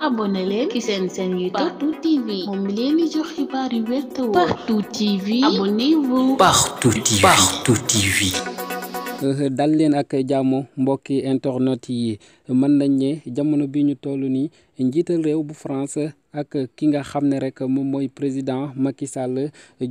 abonné leen ci seen seen YouTube Partout moom leen di jox xibaar yu wér te Partout TV euh, dal leen ak jàmm mbokki internet yi mën nañ ne jamono bi ñu toll nii njiital réew bu France ak ki nga xam ne rek moom mooy président Macky Sall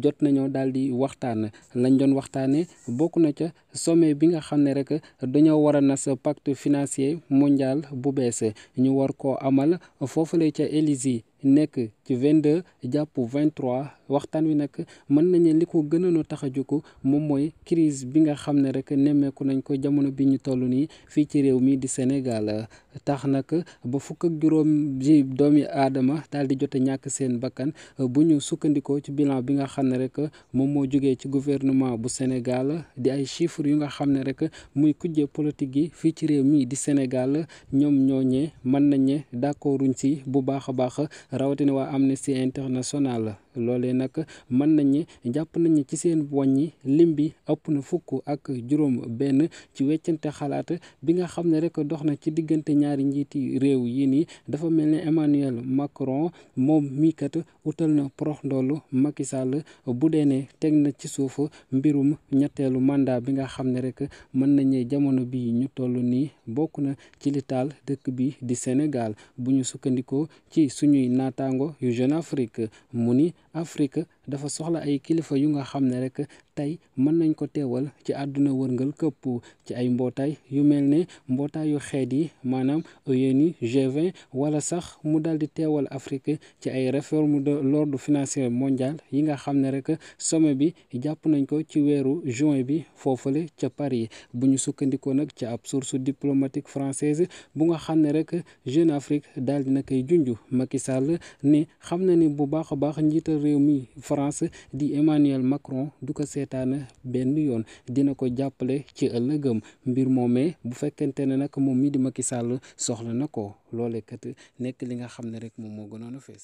jot nañoo daal di waxtaan lañ doon waxtaanee bokk na ca sommet bi nga xam ne rek dañoo war a nas pacte financier mondial bu bees ñu war ko amal foofu foofule ca Élysée nekk ci 22 jàpp 23 waxtaan wi nag mën nañu li ko gënoon a tax a jukku moom mooy crise bi nga xam ne rek nemmeeku nañ ko jamono bi ñu toll nii fii ci réew mii di Sénégal. la tax nag ba fukk ak juróom ji doomi aadama daal di jot ñàkk seen bakkan bu ñu sukkandikoo ci bilan bi nga xam ne rek moom moo jógee ci gouvernement bu Sénégal di ay chiffres yu nga xam ne rek muy kujje politique yi fii ci réew mii di Sénégal ñoom ñooñee mën nañ ne d'accorduñ si bu baax a baax rawatina waa Amnesty International loole nag mën nañu jàpp nañu ci seen wàññi lim bi ëpp na fukk ak juróom benn ci weccante xalaat bi nga xam ne rek dox na ci diggante ñaari njiiti réew yi nii dafa mel ni Emmanuel Macron moom miikat utal na porox ndoolu Macky bu dee ne teg na ci suuf mbirum ñetteelu mandat bi nga xam ne rek mën nañu jamono bii ñu toll nii bokk na ci li dëkk bi di Sénégal bu ñu sukkandikoo ci suñuy naataango yu Jeune Afrique mu ni Afrique dafa soxla ay kilifa yu nga xam ne rekk tey mën nañ ko teewal ci àdduna wërngal këpp ci ay mbootaay yu mel ne mbootaayu xeet yi maanaam ONU G20 wala sax mu dal di teewal Afrique ci ay réforme de l'ordre financier mondial yi nga xam ne rek some bi jàpp nañ ko ci weeru juin bi foofale ca Paris bu ñu sukkandikoo nag ci ab source diplomatique française bu nga xam ne rek Jeune Afrique daal dina koy junj ne xam na ni bu baax baax njiital France di Emmanuel Macron du ko seetaan benn yoon dina ko jàppale ci ëllëgëm mbir moomee bu fekkente ne nag moom mi di Macky Sall soxla na ko loolee kat nekk li nga xam ne rek moom moo gënoon a fees.